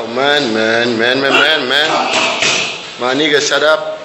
Wow, man, man, man, man, man, man. Maniga, shut up.